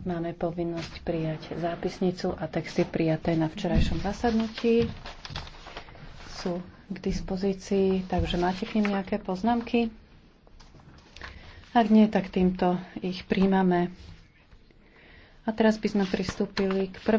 Máme povinnosť prijať zápisnicu a texty prijaté na včerajšom zasadnutí sú k dispozícii, takže máte k nim nejaké poznámky? Ak nie, tak týmto ich príjmame. A teraz by sme pristúpili k prvému.